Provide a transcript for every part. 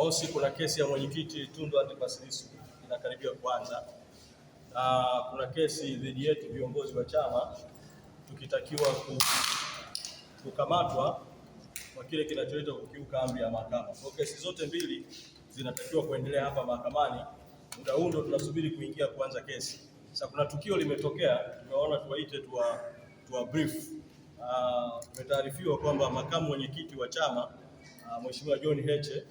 Bosi, kuna kesi ya mwenyekiti Tundu Antipas Lissu inakaribia kuanza na kuna kesi dhidi yetu viongozi wa chama tukitakiwa kukamatwa kwa kile kinachoitwa kukiuka amri ya mahakama. Kwa kesi zote mbili zinatakiwa kuendelea hapa mahakamani, muda huu ndo tunasubiri kuingia kuanza kesi. Sasa kuna tukio limetokea, tumeona tuwaite tuwa, tuwa brief. Ah, tumetaarifiwa kwamba makamu mwenyekiti wa chama ah, Mheshimiwa John Heche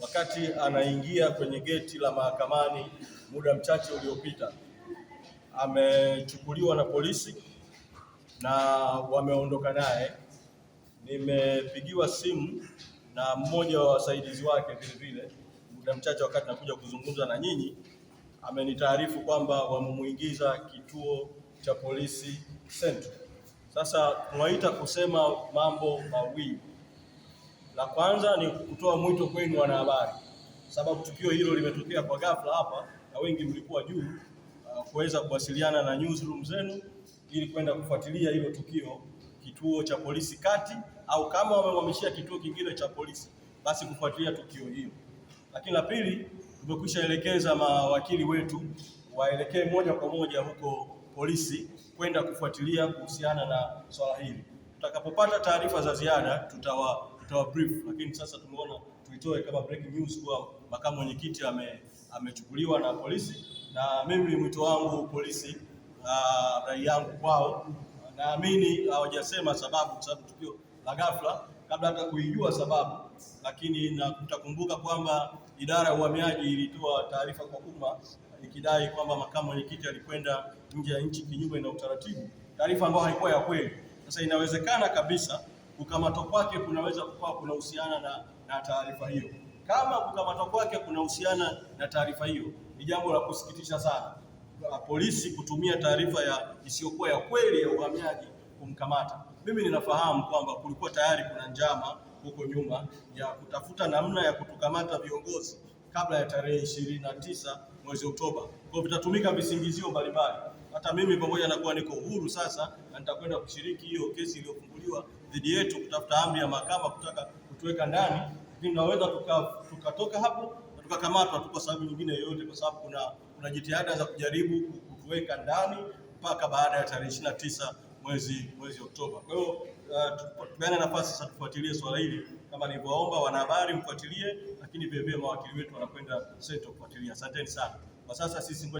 wakati anaingia kwenye geti la mahakamani muda mchache uliopita, amechukuliwa na polisi na wameondoka naye. Nimepigiwa simu na mmoja wa wasaidizi wake vilevile muda mchache wakati nakuja kuzungumza na nyinyi, amenitaarifu kwamba wamemuingiza kituo cha polisi Central. Sasa tunaita kusema mambo mawili. La kwanza ni kutoa mwito kwenu wanahabari, sababu tukio hilo limetokea kwa ghafla hapa na wengi mlikuwa juu uh, kuweza kuwasiliana na newsroom zenu ili kwenda kufuatilia hilo tukio kituo cha polisi kati, au kama wamehamishia kituo kingine cha polisi, basi kufuatilia tukio hilo. Lakini la pili, tumekwisha elekeza mawakili wetu waelekee moja kwa moja huko polisi kwenda kufuatilia kuhusiana na swala hili. Tutakapopata taarifa za ziada tutawa tutawa brief, lakini sasa tumeona tuitoe kama breaking news kwa makamu mwenyekiti amechukuliwa ame na polisi, na mimi mwito wangu polisi, uh, rai yangu kwao, naamini hawajasema sababu, kwa sababu tukio la ghafla kabla hata kuijua sababu, lakini na kwamba idara ya uhamiaji ilitoa taarifa kwa umma ikidai kwamba makamu mwenyekiti alikwenda nje ya nchi kinyume na utaratibu, taarifa ambayo haikuwa ya kweli. Sasa inawezekana kabisa kukamatwa kwake kunaweza kukawa kunahusiana na, na taarifa hiyo. Kama kukamatwa kwake kunahusiana na taarifa hiyo, ni jambo la kusikitisha sana polisi kutumia taarifa ya isiyokuwa ya kweli ya uhamiaji kumkamata. Mimi ninafahamu kwamba kulikuwa tayari kuna njama huko nyuma ya kutafuta namna ya kutukamata viongozi kabla ya tarehe ishirini na tisa mwezi Oktoba, kwa vitatumika visingizio mbalimbali hata mimi pamoja na kuwa niko huru sasa, na nitakwenda kushiriki hiyo kesi iliyofunguliwa dhidi yetu kutafuta amri ya mahakama kutaka kutuweka ndani, lakini tunaweza tukatoka tuka hapo na tukakamatwa tu kwa sababu nyingine yoyote, kwa sababu kuna, kuna jitihada za kujaribu kutuweka ndani mpaka baada ya tarehe ishirini na tisa mwezi mwezi Oktoba. Kwa hiyo uh, tupeane nafasi sasa tufuatilie swala hili kama nilivyoomba wanahabari mfuatilie, lakini vilevile mawakili wetu wanakwenda SETO kufuatilia. Asanteni sana kwa sasa sisi